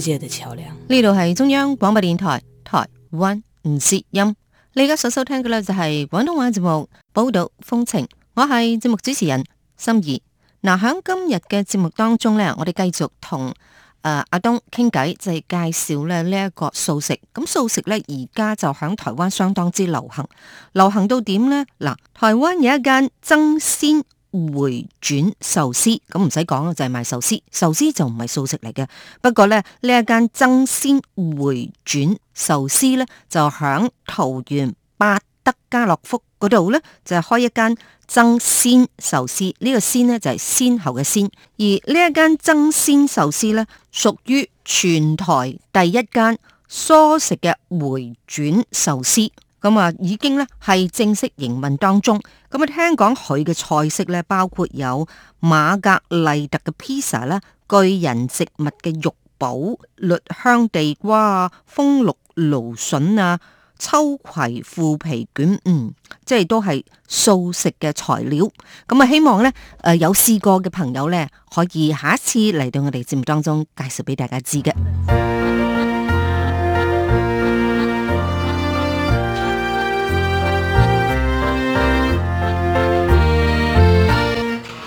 世界的橋樑，呢度係中央廣播電台台灣唔攝音，你而家所收聽嘅呢，就係廣東話節目《寶島風情》，我係節目主持人心儀。嗱、呃，響今日嘅節目當中呢，我哋繼續同、呃、阿東傾偈，就係、是、介紹咧呢一、這個素食。咁素食呢，而家就響台灣相當之流行，流行到點呢？嗱、呃，台灣有一間爭鮮。回轉壽司咁唔使講喇，就係賣壽司。壽司就唔係素食嚟嘅。不過呢，呢一間爭鮮回轉壽司呢，就響桃園八德家樂福嗰度呢，就係開一間爭鮮壽司。呢、這個鮮呢，就係先後嘅鮮。而呢一間爭鮮壽司呢，屬於全台第一間蔬食嘅回轉壽司。咁啊，已經呢，係正式營運當中。咁啊，聽講佢嘅菜式咧，包括有馬格麗特嘅披薩啦，巨人植物嘅肉堡、綠香地瓜啊，蜂綠蘆筍啊，秋葵腐皮卷，嗯，即係都係素食嘅材料。咁啊，希望咧，誒有試過嘅朋友咧，可以下一次嚟到我哋節目當中介紹俾大家知嘅。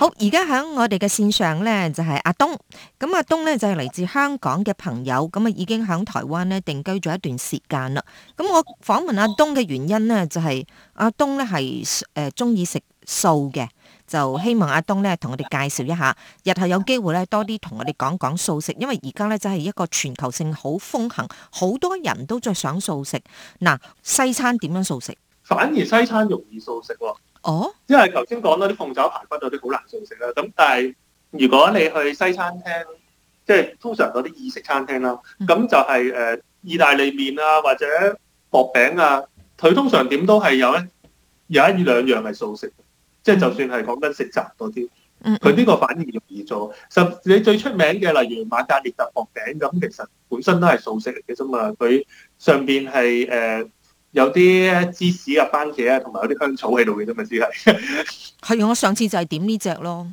好，而家喺我哋嘅線上呢，就係阿東，咁阿東呢，就係嚟自香港嘅朋友，咁啊已經喺台灣呢定居咗一段時間啦。咁我訪問阿東嘅原因呢，就係阿東呢係誒中意食素嘅，就希望阿東呢同我哋介紹一下，日後有機會呢多啲同我哋講講素食，因為而家呢，就係一個全球性好風行，好多人都在想素食。嗱，西餐點樣素食？反而西餐容易素食喎。哦，因為頭先講到啲鳳爪排骨嗰啲好難素食啦，咁但係如果你去西餐廳，即係通常嗰啲意式餐廳啦，咁、嗯、就係誒意大利麵啊或者薄餅啊，佢通常點都係有一有一兩樣係素食，即係、嗯、就，就算係講緊食雜多啲，佢呢、嗯、個反而容易做。甚至你最出名嘅例如馬格列特薄餅咁，其實本身都係素食嚟嘅啫嘛，佢上邊係誒。呃有啲芝士啊、番茄啊，同埋有啲香草喺度嘅啫，咪只係係我上次就係點呢隻咯，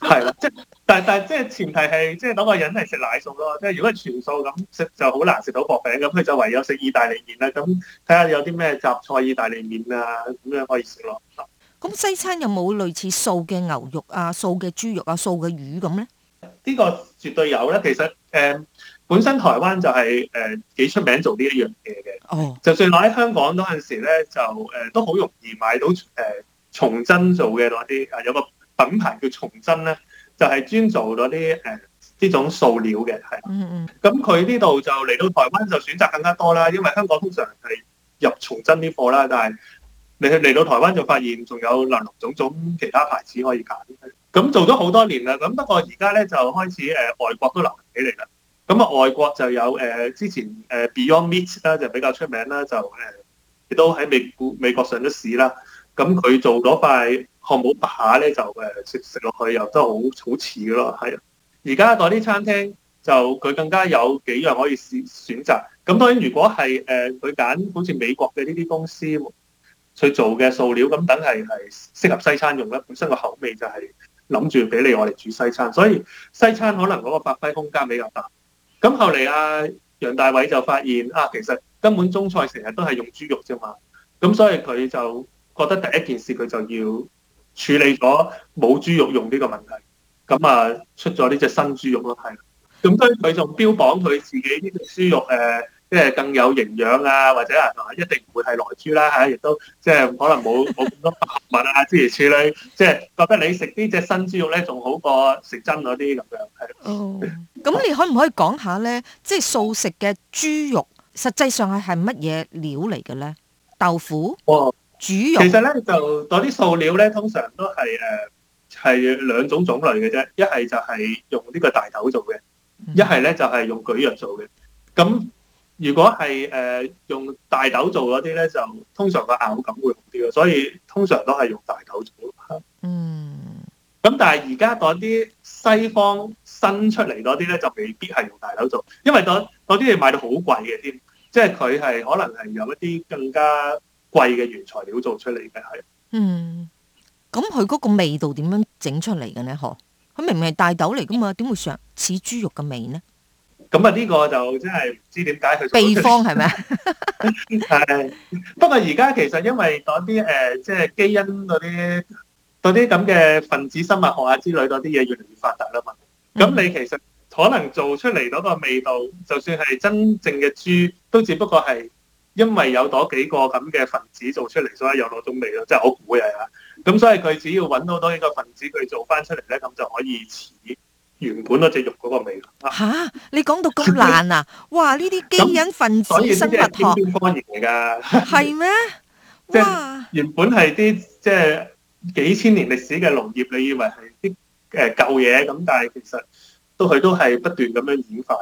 係 啦，即係但但即係前提係即係等個人係食奶素咯。即係如果係全素咁食就好難食到薄餅咁，佢就唯有食意大利麵啦。咁睇下有啲咩雜菜意大利麵啊，咁樣可以食咯。咁西餐有冇類似素嘅牛肉啊、素嘅豬肉啊、素嘅魚咁咧？呢個絕對有啦，其實誒。嗯本身台灣就係誒幾出名做一、oh. 呢一樣嘢嘅，就算落喺香港嗰陣時咧，就、呃、誒都好容易買到誒松、呃、珍做嘅嗰啲，啊有個品牌叫松珍咧，就係、是、專做嗰啲誒呢種素料嘅，係。咁佢呢度就嚟到台灣就選擇更加多啦，因為香港通常係入松珍啲貨啦，但係你嚟到台灣就發現仲有林林種種其他牌子可以揀。咁做咗好多年啦，咁不過而家咧就開始誒外國都流行起嚟啦。咁啊，外國就有誒之前誒 Beyond Meat 啦，就比較出名啦，就誒都喺美美美國上咗市啦。咁佢做嗰塊漢堡扒咧，就誒食食落去又都好好似咯，係。而家嗰啲餐廳就佢更加有幾樣可以試選擇。咁當然，如果係誒佢揀好似美國嘅呢啲公司去做嘅素料，咁等係係適合西餐用咧。本身個口味就係諗住俾你我哋煮西餐，所以西餐可能嗰個發揮空間比較大。咁後嚟啊，楊大偉就發現啊，其實根本中菜成日都係用豬肉啫嘛，咁所以佢就覺得第一件事佢就要處理咗冇豬肉用呢個問題，咁啊出咗呢隻新豬肉咯，係，咁跟住佢仲標榜佢自己呢隻豬肉誒。啊即係更有營養啊，或者 物物啊，一定唔會係萊豬啦嚇，亦都即係可能冇冇咁多百物啊諸如此類，即、就、係、是、覺得你食呢隻新豬肉咧，仲好過食真嗰啲咁樣。 哦，咁你可唔可以講下咧？即係素食嘅豬肉，實際上係係乜嘢料嚟嘅咧？豆腐、豬、哦、肉。其實咧，就嗰啲素料咧，通常都係誒係兩種種類嘅啫。一係就係用呢個大豆做嘅，一係咧就係用蒟蒻做嘅。咁如果係誒、呃、用大豆做嗰啲咧，就通常個咬感會好啲咯，所以通常都係用大豆做。嗯，咁但係而家嗰啲西方新出嚟嗰啲咧，就未必係用大豆做，因為嗰啲嘢賣到好貴嘅添，即係佢係可能係用一啲更加貴嘅原材料做出嚟嘅係。嗯，咁佢嗰個味道點樣整出嚟嘅咧？嗬，佢明明係大豆嚟噶嘛，點會嚐似豬肉嘅味呢？咁啊呢個就真係唔知點解。佢秘方係咪？係，不過而家其實因為嗰啲誒、即、呃、係、就是、基因嗰啲，啲咁嘅分子生物學啊之類嗰啲嘢，越嚟越發達啦嘛。咁、嗯、你其實可能做出嚟嗰個味道，就算係真正嘅豬，都只不過係因為有嗰幾個咁嘅分子做出嚟，所以有嗰種味咯。即係我估嘅係啦。咁所以佢只要揾到多幾個分子，佢做翻出嚟咧，咁就可以似。原本嗰隻肉嗰個味。嚇！你講到咁爛啊！ 哇！呢啲基因分子生物學方面嚟㗎？係咩？即 原本係啲即係幾千年歷史嘅農業，你以為係啲誒舊嘢咁，但係其實都佢都係不斷咁樣演化。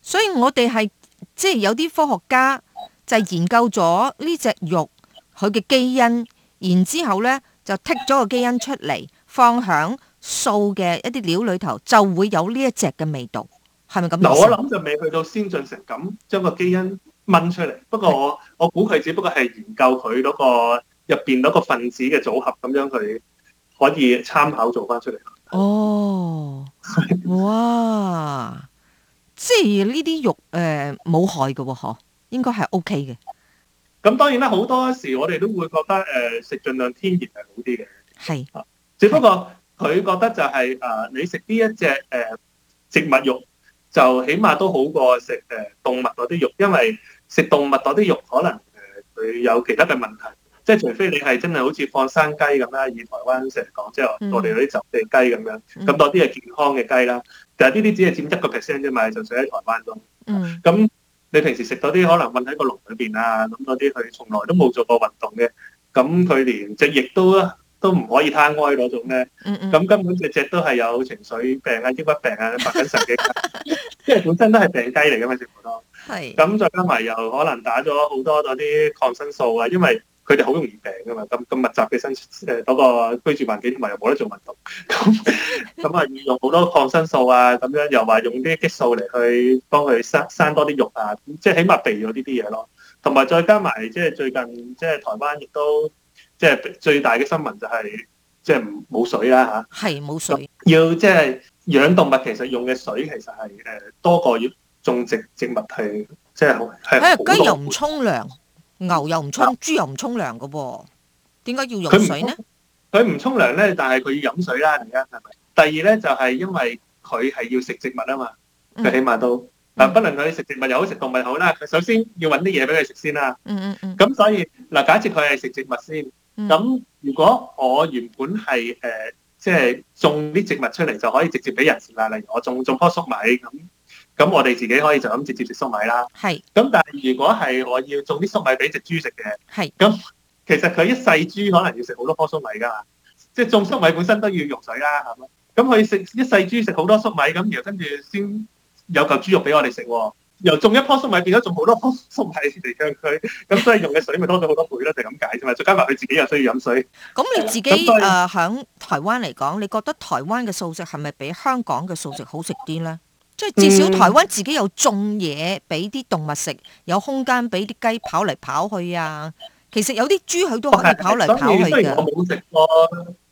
所以我哋係即係有啲科學家就係研究咗呢隻肉佢嘅基因，然之後咧就剔咗個基因出嚟，放響。素嘅一啲料裏頭就會有呢一隻嘅味道，係咪咁？我諗就未去到先進成咁將個基因掹出嚟，不過我估佢是 只不過係研究佢嗰、嗰個入邊嗰個分子嘅組合，咁樣佢可以參考做翻出嚟。哦，哇！ 即係呢啲肉誒冇、呃、害嘅嗬，應該係 O K 嘅。咁當然啦，好多時我哋都會覺得誒、呃、食盡量天然係好啲嘅是，係， 只不過。佢覺得就係、是、誒、呃，你食呢一隻誒、呃、植物肉，就起碼都好過食誒、呃、動物嗰啲肉，因為食動物嗰啲肉可能誒佢、呃、有其他嘅問題，即係除非你係真係好似放生雞咁啦，以台灣成日講即係我哋嗰啲就地雞咁樣，咁多啲係健康嘅雞啦。但係呢啲只係佔一個 percent 啫嘛，就算喺台灣中，咁、嗯、你平時食到啲可能韞喺個籠裏邊啊，咁多啲佢從來都冇做過運動嘅，咁佢連隻翼都都唔可以攤開嗰種咧，咁、嗯嗯、根本隻隻都係有情緒病啊、抑鬱病啊，發緊神經，因 為本身都係病雞嚟噶嘛，全部都。係是。咁再加埋又可能打咗好多嗰啲抗生素啊，因為佢哋好容易病噶、啊、嘛，咁咁密集嘅生誒嗰個居住環境，同埋又冇得做運動，咁咁啊，要用好多抗生素啊，咁樣又話用啲激素嚟去幫佢生生多啲肉啊，即、就、係、是、起碼避咗呢啲嘢咯。同埋再加埋，即係最近，即係台灣亦都。即係最大嘅新聞就係、是、即係冇水啦吓？係冇水。要即係養動物其實用嘅水其實係誒多過要種植植物去。即係的。誒雞又唔沖涼，牛又唔沖，啊、豬又唔沖涼嘅噃，點解要用水呢？佢唔沖涼呢？但係佢要飲水啦，而家係咪？第二咧就係、是、因為佢係要食植物啊嘛，佢、嗯、起碼都嗱，嗯、不論佢食植物又好食動物好啦，佢首先要揾啲嘢俾佢食先啦。咁、嗯嗯、所以嗱，假設佢係食植物先。咁、嗯、如果我原本係誒，即、呃、係、就是、種啲植物出嚟就可以直接俾人食啦。例如我種種棵粟米咁，咁我哋自己可以就咁直接食粟米啦。係是。咁但係如果係我要種啲粟米俾隻豬食嘅，係是。咁其實佢一世豬可能要食好多棵粟米㗎嘛，即、就、係、是、種粟米本身都要用水啦，係嘛？咁佢食一世豬食好多粟米，咁然後跟住先有嚿豬肉俾我哋食喎。由種一棵粟米變咗種好多棵粟米嚟嘅佢咁，所以用嘅水咪多咗好多倍啦。就咁解啫嘛。再加埋佢自己又需要飲水，咁你自己喺、嗯呃、台灣嚟講，你覺得台灣嘅素食係咪比香港嘅素食好食啲咧？即、就、係、是、至少台灣自己有種嘢俾啲動物食，有空間俾啲雞跑嚟跑去啊。其實有啲豬佢都可以跑嚟跑去。我冇食過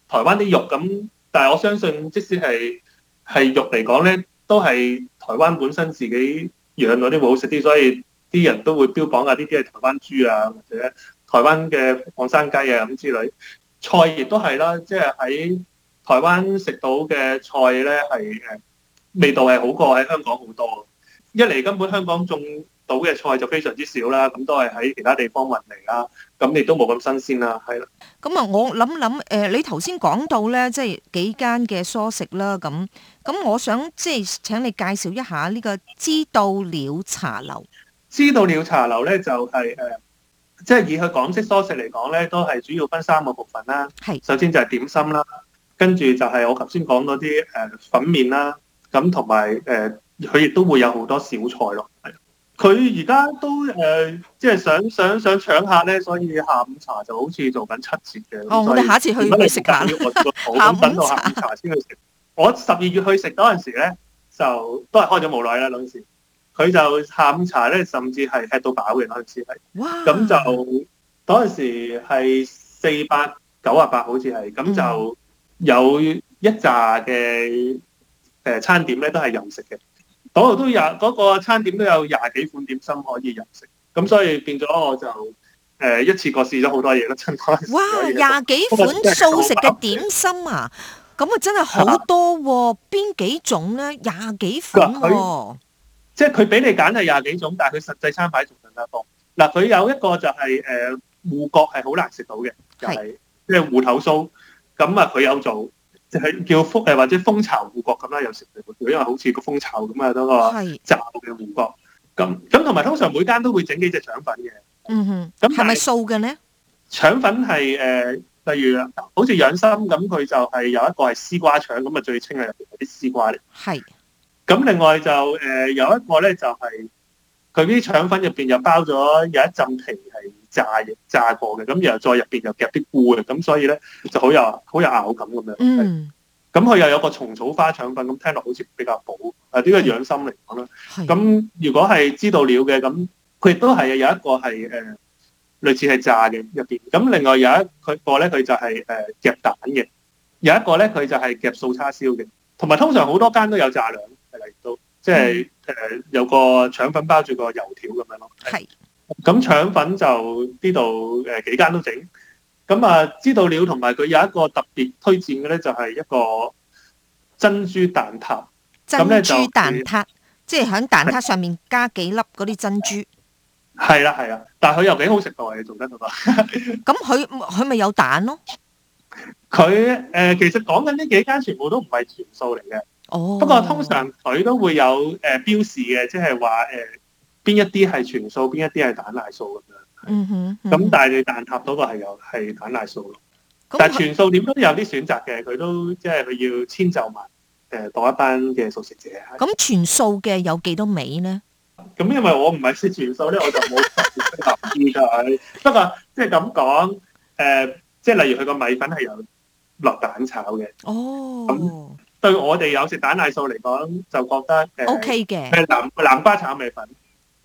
台灣啲肉咁，但係我相信即使係係肉嚟講咧，都係台灣本身自己。養嗰啲咪好食啲，所以啲人都會標榜啊！呢啲係台灣豬啊，或者台灣嘅放生雞啊咁之類。菜亦都係啦，即係喺台灣食到嘅菜咧，係誒味道係好過喺香港好多。一嚟根本香港種到嘅菜就非常之少啦，咁都係喺其他地方運嚟啦，咁亦都冇咁新鮮啦，係啦。咁啊，我諗諗誒，你頭先講到咧，即係幾間嘅蔬食啦，咁咁，我想，想即係請你介紹一下呢個知道了茶樓。知道了茶樓咧、就係，就係誒，即係以佢港式蔬食嚟講咧，都係主要分三個部分啦。係的。首先就係點心啦，跟住就係我頭先講嗰啲誒粉麵啦，咁同埋誒佢亦都會有好多小菜咯，係。佢而家都誒、呃，即係想想想搶客咧，所以下午茶就好似做緊七折嘅。哦，我哋以下一次去要食 午茶 等到下午茶先去食。我十二月去食嗰陣時咧，就都係開咗冇耐啦。嗰陣時，佢就下午茶咧，甚至係吃到飽嘅。嗰陣時係，哇！咁就嗰陣時係四百九啊八，好似係咁就有一紮嘅誒餐點咧，都係任食嘅。嗰度都有嗰個餐點都有廿幾款點心可以入食，咁所以變咗我就誒、呃、一次過試咗好多嘢咯，真係。哇！廿幾款素食嘅點心啊，咁、哦、啊真係好多喎！邊幾種咧？廿幾款、哦。即係佢俾你揀係廿幾種，但係佢實際餐牌仲更加多。嗱，佢有一個就係誒芋角係好難食到嘅，就係即係芋頭酥，咁啊佢有做。就係叫蜂誒或者蜂巢芋角咁啦，有時會因為好似個蜂巢咁啊，嗰個罩嘅芋角。咁咁同埋通常每間都會整幾隻腸粉嘅。嗯哼。咁係咪素嘅咧？腸粉係誒、呃，例如好似養生咁，佢就係有一個係絲瓜腸咁嘅最清嘅入邊啲絲瓜。係是。咁另外就誒、呃、有一個咧就係佢啲腸粉入邊又包咗有一浸皮係炸嘢炸過嘅，咁然後再入邊又夾啲菇嘅，咁所以咧就好有好有咬感咁樣。嗯，咁佢又有個蟲草花腸粉，咁聽落好似比較補，誒呢個養心嚟講啦。咁，的如果係知道了嘅，咁佢亦都係有一個係誒、呃、類似係炸嘅入邊。咁另外有一佢個咧，佢就係誒夾蛋嘅，有一個咧佢就係夾素叉燒嘅，同埋通常好多間都有炸兩嚟到，即係誒有個腸粉包住個油條咁樣咯。係。的咁腸粉就呢度誒幾間都整，咁、嗯、啊知道了同埋佢有一個特別推薦嘅咧，就係一個珍珠蛋撻。珍珠蛋撻，即係喺蛋撻上面加幾粒嗰啲珍珠。係啦係啦，但係佢又幾好食嘅，做得到嘛。咁佢佢咪有蛋咯？佢誒，其實講緊呢幾間全部都唔係全素嚟嘅。哦。不過通常佢都會有誒標示嘅，即係話誒。呃呃呃呃邊一啲係全素，邊一啲係蛋奶素咁樣、嗯。嗯哼。咁但係蛋塔嗰個係有係蛋奶素，咯、嗯哼。但係全素點都有啲選擇嘅，佢都即係佢要遷就埋誒，多一班嘅素食者。咁全素嘅有幾多味咧？咁因為我唔係食全素咧，我就冇特別留意。不過即係咁講，誒、就是，即、呃、係、就是、例如佢個米粉係有落蛋炒嘅。哦。咁、嗯、對我哋有食蛋奶素嚟講，就覺得誒，O K 嘅。誒、呃，南、okay、的南瓜炒米粉。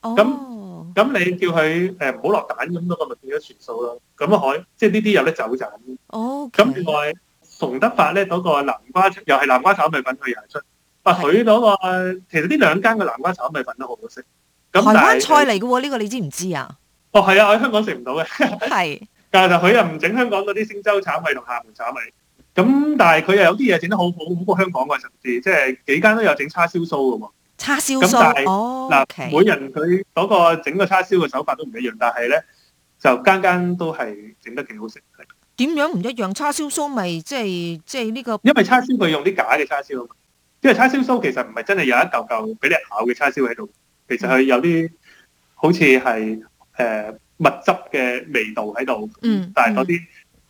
咁咁、哦嗯、你叫佢誒唔好落蛋咁，嗰個咪變咗全素咯。咁啊海，即係呢啲有得走就咁。哦，咁、okay、另外馮德發咧，嗰個南瓜，又係南瓜炒米粉佢又係出，但佢嗰個，其實呢兩間嘅南瓜炒米粉都好好食。咁台灣菜嚟嘅喎，呢、呢個你知唔知啊？哦，係啊，我喺香港食唔到嘅。係是， 但係佢又唔整香港嗰啲星洲炒米同廈門炒米粉。咁但係佢又有啲嘢整得好好，好過香港嘅甚至，即係幾間都有整叉燒酥嘅喎。叉燒酥，是哦，嗱、okay，每人佢嗰個整個叉燒嘅手法都唔一樣，但係咧就間間都係整得幾好食。點樣唔一樣？叉燒酥咪即係即係呢個因，因為叉燒佢用啲假嘅叉燒啊嘛，因為叉燒酥其實唔係真係有一嚿嚿俾你咬嘅叉燒喺度，嗯、其實佢有啲好似係誒蜜汁嘅味道喺度、嗯，嗯，但係嗰啲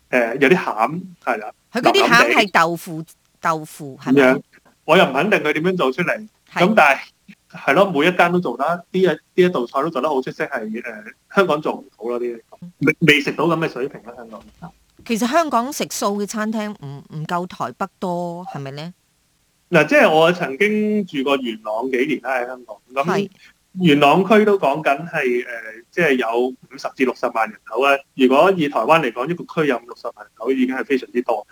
誒有啲餡係啦，佢嗰啲餡係豆腐豆腐係咪？我又唔肯定佢點樣做出嚟，咁的但係係咯，每一間都做得，呢一，呢一道菜都做得好出色，係誒、呃、香港做唔到咯啲，未未食到咁嘅水平啦，香港。其實香港食素嘅餐廳唔唔夠台北多，係咪咧？嗱、呃，即、就、係、是、我曾經住過元朗幾年啦，喺香港咁，嗯、的元朗區都講緊係誒，即、呃、係、就是、有五十至六十萬人口咧。如果以台灣嚟講，一個區有六十萬人口已經係非常之多。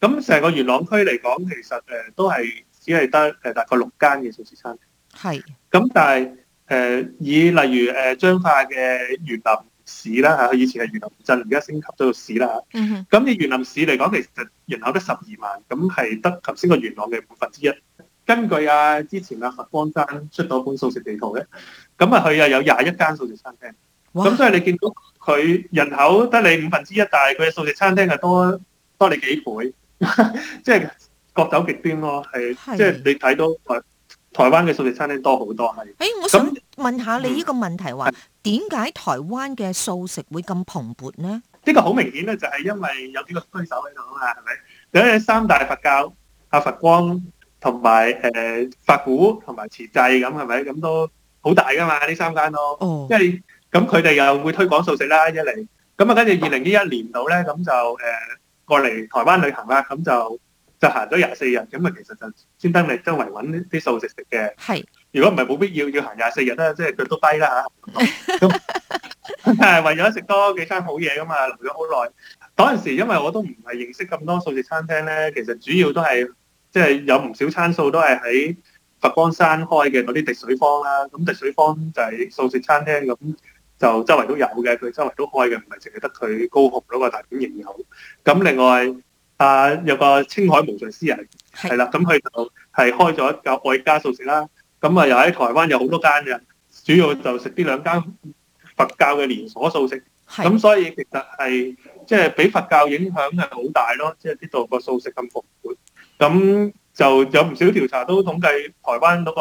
咁成個元朗區嚟講，其實誒、呃、都係。都只係得誒大概六間嘅素食餐廳，係咁的，但係誒、呃、以例如誒彰化嘅員林市啦嚇，佢以前係員林鎮，而家升級到市啦。咁你員林市嚟講，其實人口得十二萬，咁係得頭先個元朗嘅五分之一。根據啊，之前啊，佛光山出咗本素食地圖嘅，咁啊佢又有廿一間素食餐廳。咁所以你見到佢人口得你五分之一，但係佢嘅素食餐廳係多多你幾倍，即 係、就是。各走極端咯，係是即係你睇到台台灣嘅素食餐廳多好多係。誒、欸，我想問下那你呢個問題話，點解是台灣嘅素食會咁蓬勃呢？呢個好明顯咧，就係因為有幾個推手喺度啊，係咪？咁樣三大佛教啊，佛光同埋誒法鼓同埋慈濟咁，係咪？咁都好大㗎嘛，呢三間咯。哦，因為咁佢哋又會推廣素食啦，一嚟。咁啊，跟住二零一一年度咧，咁就誒過嚟台灣旅行啦，咁就。就行咗廿四日，咁啊，其實就專登嚟周圍揾啲素食食嘅。係是。如果唔係冇必要要行廿四日啦，即係腳都低啦嚇。咁係 為咗食多幾餐好嘢噶嘛，留咗好耐。嗰陣時因為我都唔係認識咁多素食餐廳咧，其實主要都係即係有唔少餐數都係喺佛光山開嘅嗰啲滴水坊啦。咁滴水坊就係素食餐廳，咁就周圍都有嘅，佢周圍都開嘅，唔係淨係得佢高雄嗰個大本營有好。咁另外。啊！有個青海無上師人係啦，咁佢的、嗯、就係開咗一間愛家素食啦。咁、嗯、啊，又喺台灣有好多間嘅，主要就食啲兩間佛教嘅連鎖素食。咁的、嗯、所以其實係即係俾佛教影響係好大咯。即係呢度個素食咁蓬勃，咁、嗯、就有唔少調查都統計台灣嗰、那個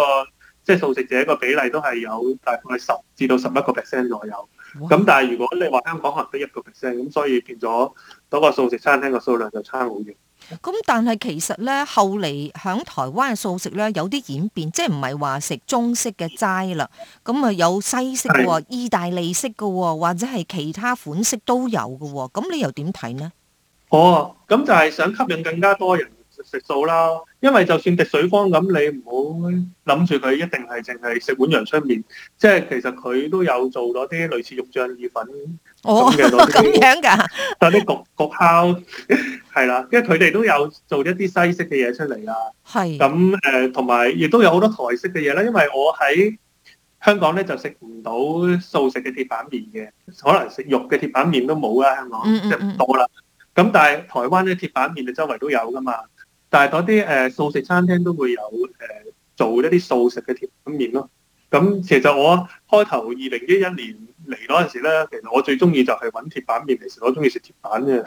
即係、就是、素食者個比例都係有大概十至到十一個 percent 左右。咁哇但係如果你話香港可能得一個 percent，咁所以變咗嗰個素食餐廳個數量就差好遠。咁但係其實咧後嚟響台灣嘅素食咧有啲演變，即係唔係話食中式嘅齋啦，咁啊有西式嘅、哦、的意大利式嘅、哦，或者係其他款式都有嘅、哦。咁你又點睇呢？哦，咁就係想吸引更加多人。食素啦，因為就算滴水坊咁，你唔好諗住佢一定係淨係食碗陽春麵，即係其實佢都有做咗啲類似肉醬意粉咁嘅嗰啲嘢哦，咁、哦、樣噶，有啲焗焗烤係啦， 因為佢哋都有做一啲西式嘅嘢出嚟啊。係咁誒，同埋亦都有好多台式嘅嘢啦。因為我喺香港咧就食唔到素食嘅鐵板麵嘅，可能食肉嘅鐵板麵都冇啊。香港即係唔多啦。咁但係台灣咧鐵板麵就周圍都有噶嘛。但係嗰啲誒素食餐廳都會有誒做一啲素食嘅鐵板麵咯。咁其實我開頭二零一一年嚟嗰陣時咧，其實我最中意就係揾鐵板麵嚟食，我中意食鐵板嘅。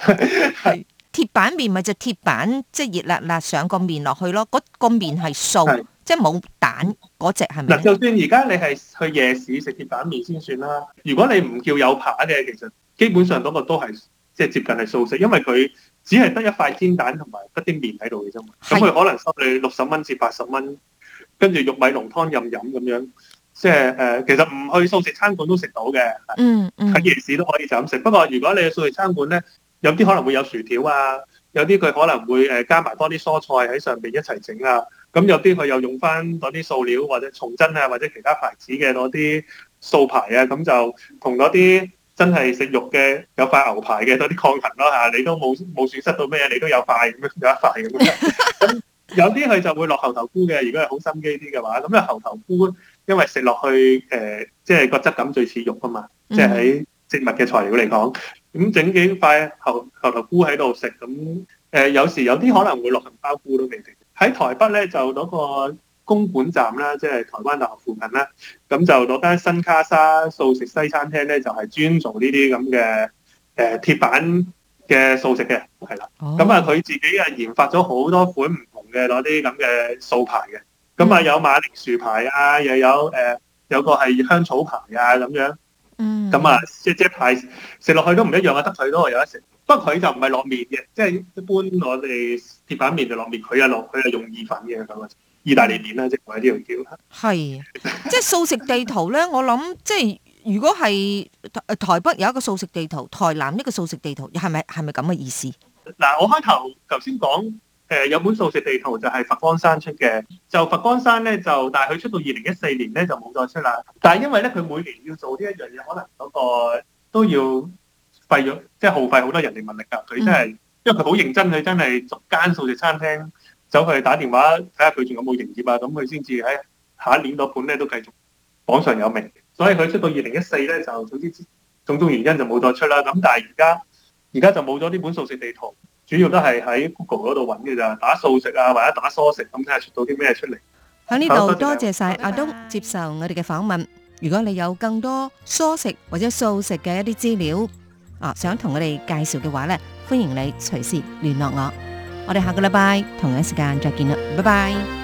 係 鐵板麵咪就鐵板即係、就是、熱辣辣上個麵落去咯，那個個麵係素，是即係冇蛋嗰隻係咪？就算而家你係去夜市食鐵板麵先算啦。如果你唔叫有扒嘅，其實基本上嗰個都係。即係接近係素食，因為佢只係得一塊煎蛋同埋得啲麵喺度嘅啫嘛。咁佢的可能收你六十蚊至八十蚊，跟住玉米濃湯任飲咁樣。即係誒、呃，其實唔去素食餐館都食到嘅。嗯，喺夜市都可以就咁食。不過如果你去素食餐館咧，有啲可能會有薯條啊，有啲佢可能會誒加埋多啲蔬菜喺上邊一齊整啊。咁有啲佢又用翻嗰啲素料或者松珍啊或者其他牌子嘅嗰啲素牌啊，咁就同嗰啲。真係食肉嘅，有塊牛排嘅，多啲抗貧咯嚇，你都冇冇損失到咩，你都有塊咁樣有一塊咁樣。咁 有啲佢就會落猴頭菇嘅，如果係好心機啲嘅話，咁啊猴頭菇，因為食落去誒、呃，即係個質感最似肉啊嘛，即係喺植物嘅材料嚟講，咁、mm hmm. 嗯、整幾塊猴猴頭菇喺度食，咁誒、呃、有時有啲可能會落杏鮑菇都未定。喺台北咧就嗰個。公館站啦，即係台灣大學附近啦，咁就攞間新卡沙素食西餐廳咧，就係專做呢啲咁嘅誒鐵板嘅素食嘅，係啦。咁啊，佢自己啊研發咗好多款唔同嘅攞啲咁嘅素牌嘅，咁啊有馬鈴薯牌啊，又有誒有個係香草牌啊咁樣。mm. 樣。嗯。咁啊，即即係牌食落去都唔一樣啊，得佢都係有得食。不過佢就唔係落麵嘅，即係一般我哋鐵板麵就落麵，佢又落佢又用意粉嘅咁、嘅、意大利麵啦，即係我喺呢度叫。係，即係素食地圖咧，我諗即係如果係台北有一個素食地圖，台南一個素食地圖，係咪係咪咁嘅意思？嗱，我開頭頭先講誒有本素食地圖就係佛光山出嘅，就佛光山咧就但係佢出到二零一四年咧就冇再出啦，但係因為咧佢每年要做呢一樣嘢，可能嗰個都要。費咗即係耗費好多人力物力㗎。佢真係，因為佢好認真，佢真係逐間素食餐廳走去打電話睇下佢仲有冇營業啊。咁佢先至喺下一年嗰本咧都繼續榜上有名。所以佢出到二零一四咧，就總之種種原因就冇再出啦。咁但係而家而家就冇咗呢本素食地圖，主要都係喺 Google 嗰度揾嘅咋，打素食啊，或者打蔬食咁睇下出到啲咩出嚟。喺呢度多謝晒阿東接受我哋嘅訪問。如果你有更多蔬食或者素食嘅一啲資料，啊、哦！想同我哋介紹嘅話咧，歡迎你隨時聯絡我。我哋下個禮拜同一時間再見啦，拜拜。